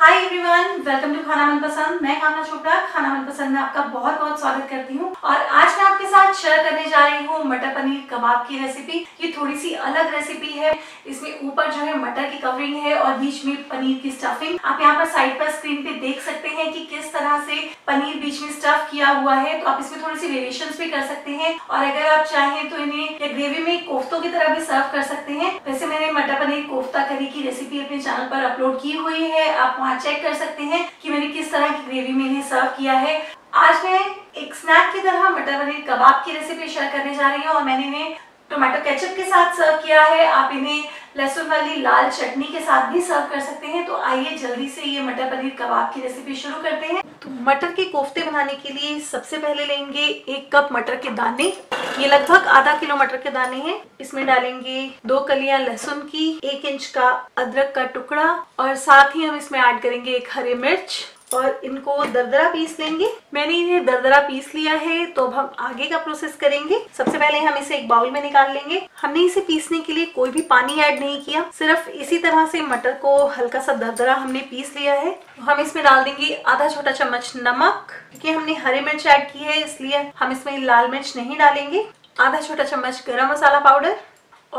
hi everyone welcome to खाना मन पसंद मैं कामना चोपड़ा खाना मन पसंद में आपका बहुत बहुत स्वागत करती हूँ और आज मैं आपके साथ शेयर करने जा रही हूँ मटर पनीर कबाब की रेसिपी ये थोड़ी सी अलग रेसिपी है इसमें ऊपर जो है मटर की कवरिंग है और बीच में पनीर की स्टफिंग आप यहाँ पर साइड पर स्क्रीन पे देख सकते हैं कि किस तरह से पनीर बीच में स्टफ किया हुआ है तो आप इसमें थोड़ी सी वेरिएशन भी कर सकते हैं और अगर आप चाहें तो इन्हें ग्रेवी में कोफ्तों की तरह भी सर्व कर सकते हैं वैसे मैंने मटर पनीर कोफ्ता करी की रेसिपी अपने चैनल पर अपलोड की हुई है आप वहाँ चेक कर सकते हैं कि मैंने किस तरह की ग्रेवी में इन्हें सर्व किया है आज मैं एक स्नैक की तरह मटर पनीर कबाब की रेसिपी शेयर करने जा रही हूँ और मैंने इन्हें टोमेटो केचप के साथ सर्व किया है आप इन्हें लहसुन वाली लाल चटनी के साथ भी सर्व कर सकते हैं तो आइए जल्दी से ये मटर पनीर कबाब की रेसिपी शुरू करते हैं तो मटर के कोफ्ते बनाने के लिए सबसे पहले लेंगे एक कप मटर के दाने ये लगभग आधा किलो मटर के दाने हैं इसमें डालेंगे दो कलियां लहसुन की एक इंच का अदरक का टुकड़ा और साथ ही हम इसमें ऐड करेंगे एक हरी मिर्च और इनको दरदरा पीस लेंगे मैंने इन्हें दरदरा पीस लिया है तो अब हम आगे का प्रोसेस करेंगे सबसे पहले हम इसे एक बाउल में निकाल लेंगे हमने इसे पीसने के लिए कोई भी पानी ऐड नहीं किया सिर्फ इसी तरह से मटर को हल्का सा दरदरा हमने पीस लिया है तो हम इसमें डाल देंगे आधा छोटा चम्मच नमक क्योंकि हमने हरे मिर्च ऐड की है इसलिए हम इसमें लाल मिर्च नहीं डालेंगे आधा छोटा चम्मच गरम मसाला पाउडर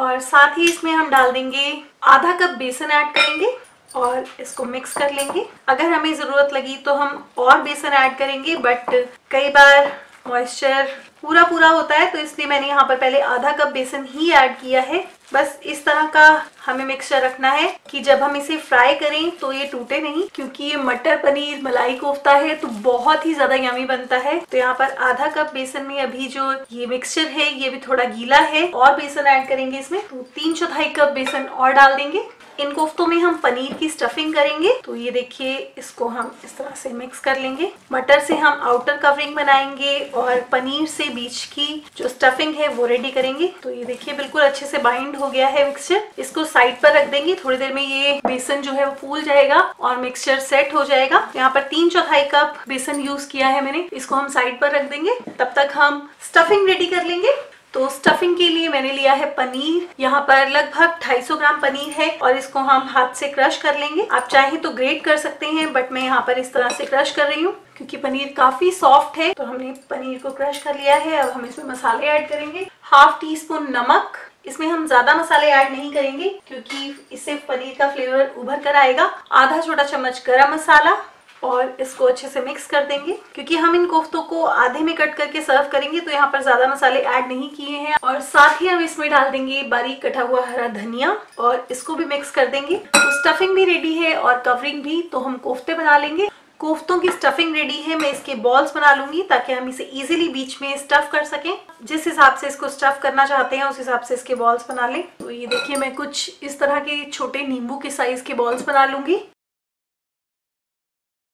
और साथ ही इसमें हम डाल देंगे आधा कप बेसन ऐड करेंगे और इसको मिक्स कर लेंगे अगर हमें ज़रूरत लगी तो हम और बेसन ऐड करेंगे बट कई बार मॉइस्चर पूरा पूरा होता है तो इसलिए मैंने यहाँ पर पहले आधा कप बेसन ही ऐड किया है बस इस तरह का हमें मिक्सचर रखना है कि जब हम इसे फ्राई करें तो ये टूटे नहीं क्योंकि ये मटर पनीर मलाई कोफ्ता है तो बहुत ही ज्यादा यमी बनता है तो यहाँ पर आधा कप बेसन में अभी जो ये मिक्सचर है ये भी थोड़ा गीला है और बेसन ऐड करेंगे इसमें तो तीन चौथाई कप बेसन और डाल देंगे इन कोफ्तों में हम पनीर की स्टफिंग करेंगे तो ये देखिए इसको हम इस तरह से मिक्स कर लेंगे मटर से हम आउटर कवरिंग बनाएंगे और पनीर से बीच की जो स्टफिंग है वो रेडी करेंगे तो ये देखिए बिल्कुल अच्छे से बाइंड हो गया है मिक्सचर इसको साइड पर रख देंगे थोड़ी देर में ये बेसन जो है वो फूल जाएगा और मिक्सचर सेट हो जाएगा यहाँ पर तीन चौथाई कप बेसन यूज किया है मैंने इसको हम साइड पर रख देंगे तब तक हम स्टफिंग रेडी कर लेंगे तो स्टफिंग के लिए मैंने लिया है पनीर यहाँ पर लगभग 250 ग्राम पनीर है और इसको हम हाथ से क्रश कर लेंगे आप चाहे तो ग्रेट कर सकते हैं बट मैं यहाँ पर इस तरह से क्रश कर रही हूँ क्योंकि पनीर काफी सॉफ्ट है तो हमने पनीर को क्रश कर लिया है अब हम इसमें मसाले ऐड करेंगे हाफ टी स्पून नमक इसमें हम ज्यादा मसाले ऐड नहीं करेंगे क्योंकि इससे पनीर का फ्लेवर उभर कर आएगा आधा छोटा चम्मच गरम मसाला और इसको अच्छे से मिक्स कर देंगे क्योंकि हम इन कोफ्तों को आधे में कट करके सर्व करेंगे तो यहाँ पर ज्यादा मसाले ऐड नहीं किए हैं और साथ ही हम इसमें डाल देंगे बारीक कटा हुआ हरा धनिया और इसको भी मिक्स कर देंगे तो स्टफिंग भी रेडी है और कवरिंग भी तो हम कोफ्ते बना लेंगे कोफ्तों की स्टफिंग रेडी है मैं इसके बॉल्स बना लूंगी ताकि हम इसे इजिली बीच में स्टफ कर सकें जिस हिसाब से इसको स्टफ करना चाहते हैं उस हिसाब से इसके बॉल्स बना लें तो ये देखिए मैं कुछ इस तरह के छोटे नींबू के साइज के बॉल्स बना लूंगी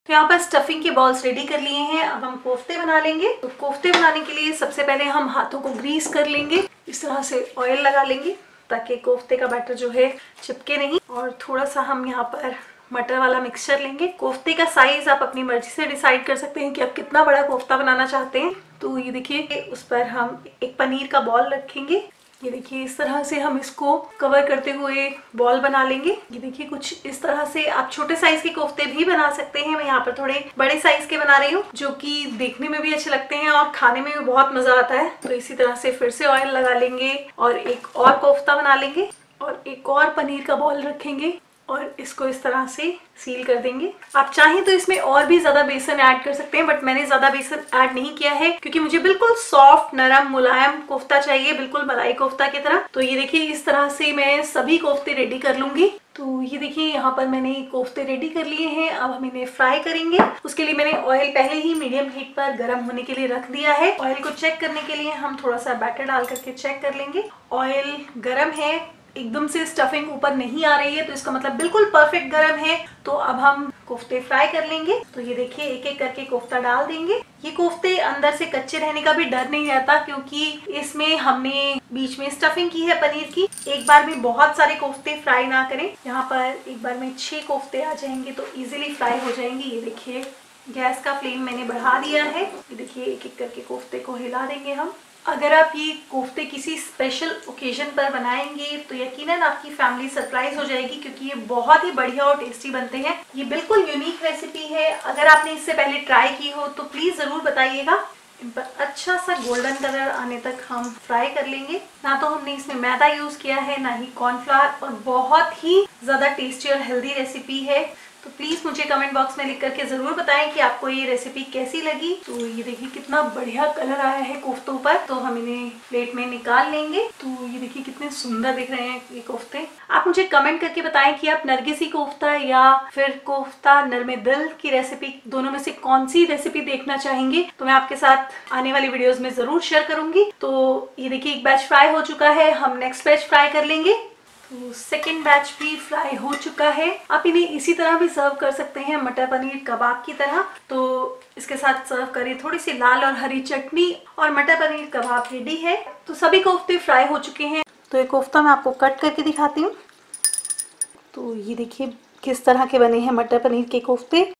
तो यहाँ पर स्टफिंग के बॉल्स रेडी कर लिए हैं अब हम कोफ्ते बना लेंगे तो कोफ्ते बनाने के लिए सबसे पहले हम हाथों को ग्रीस कर लेंगे इस तरह से ऑयल लगा लेंगे ताकि कोफ्ते का बैटर जो है चिपके नहीं और थोड़ा सा हम यहाँ पर मटर वाला मिक्सचर लेंगे कोफ्ते का साइज आप अपनी मर्जी से डिसाइड कर सकते हैं कि आप कितना बड़ा कोफ्ता बनाना चाहते हैं तो ये देखिए उस पर हम एक पनीर का बॉल रखेंगे ये देखिए इस तरह से हम इसको कवर करते हुए बॉल बना लेंगे ये देखिए कुछ इस तरह से आप छोटे साइज के कोफ्ते भी बना सकते हैं मैं यहाँ पर थोड़े बड़े साइज के बना रही हूँ जो कि देखने में भी अच्छे लगते हैं और खाने में भी बहुत मजा आता है तो इसी तरह से फिर से ऑयल लगा लेंगे और एक और कोफ्ता बना लेंगे और एक और पनीर का बॉल रखेंगे और इसको इस तरह से सील कर देंगे आप चाहें तो इसमें और भी ज्यादा बेसन ऐड कर सकते हैं बट मैंने ज्यादा बेसन ऐड नहीं किया है क्योंकि मुझे बिल्कुल सॉफ्ट नरम मुलायम कोफ्ता चाहिए बिल्कुल मलाई कोफ्ता की तरह तो ये देखिए इस तरह से मैं सभी कोफ्ते रेडी कर लूंगी तो ये देखिए यहाँ पर मैंने कोफ्ते रेडी कर लिए हैं अब हम इन्हें फ्राई करेंगे उसके लिए मैंने ऑयल पहले ही मीडियम हीट पर गर्म होने के लिए रख दिया है ऑयल को चेक करने के लिए हम थोड़ा सा बैटर डाल करके चेक कर लेंगे ऑयल गर्म है एकदम से स्टफिंग ऊपर नहीं आ रही है तो इसका मतलब बिल्कुल परफेक्ट गर्म है तो अब हम कोफ्ते फ्राई कर लेंगे तो ये देखिए एक एक करके कोफ्ता डाल देंगे ये कोफ्ते अंदर से कच्चे रहने का भी डर नहीं रहता क्योंकि इसमें हमने बीच में स्टफिंग की है पनीर की एक बार में बहुत सारे कोफ्ते फ्राई ना करें यहाँ पर एक बार में छह कोफ्ते आ जाएंगे तो इजिली फ्राई हो जाएंगे ये देखिए गैस का फ्लेम मैंने बढ़ा दिया है ये देखिए एक एक करके कोफ्ते को हिला देंगे हम अगर आप ये कोफ्ते किसी स्पेशल ओकेजन पर बनाएंगे तो यकीनन आपकी फैमिली सरप्राइज हो जाएगी क्योंकि ये बहुत ही बढ़िया और टेस्टी बनते हैं ये बिल्कुल यूनिक रेसिपी है अगर आपने इससे पहले ट्राई की हो तो प्लीज़ ज़रूर बताइएगा इन पर अच्छा सा गोल्डन कलर आने तक हम फ्राई कर लेंगे ना तो हमने इसमें मैदा यूज़ किया है ना ही कॉर्नफ्लावर और बहुत ही ज़्यादा टेस्टी और हेल्दी रेसिपी है तो प्लीज़ मुझे कमेंट बॉक्स में लिख करके ज़रूर बताएं कि आपको ये रेसिपी कैसी लगी तो ये देखिए कितना बढ़िया कलर आया है कोफ्तों पर तो हम इन्हें प्लेट में निकाल लेंगे तो ये देखिए कितने सुंदर दिख रहे हैं ये कोफ्ते आप मुझे कमेंट करके बताएं कि आप नरगिसी कोफ्ता या फिर कोफ्ता नरमे दिल की रेसिपी दोनों में से कौन सी रेसिपी देखना चाहेंगे तो मैं आपके साथ आने वाली वीडियोज में ज़रूर शेयर करूंगी तो ये देखिए एक बैच फ्राई हो चुका है हम नेक्स्ट बैच फ्राई कर लेंगे तो सेकेंड बैच भी फ्राई हो चुका है आप इन्हें इसी तरह भी सर्व कर सकते हैं मटर पनीर कबाब की तरह तो इसके साथ सर्व करें थोड़ी सी लाल और हरी चटनी और मटर पनीर कबाब रेडी है तो सभी कोफ्ते फ्राई हो चुके हैं तो ये कोफ्ता मैं आपको कट करके दिखाती हूँ तो ये देखिए किस तरह के बने हैं मटर पनीर के कोफ्ते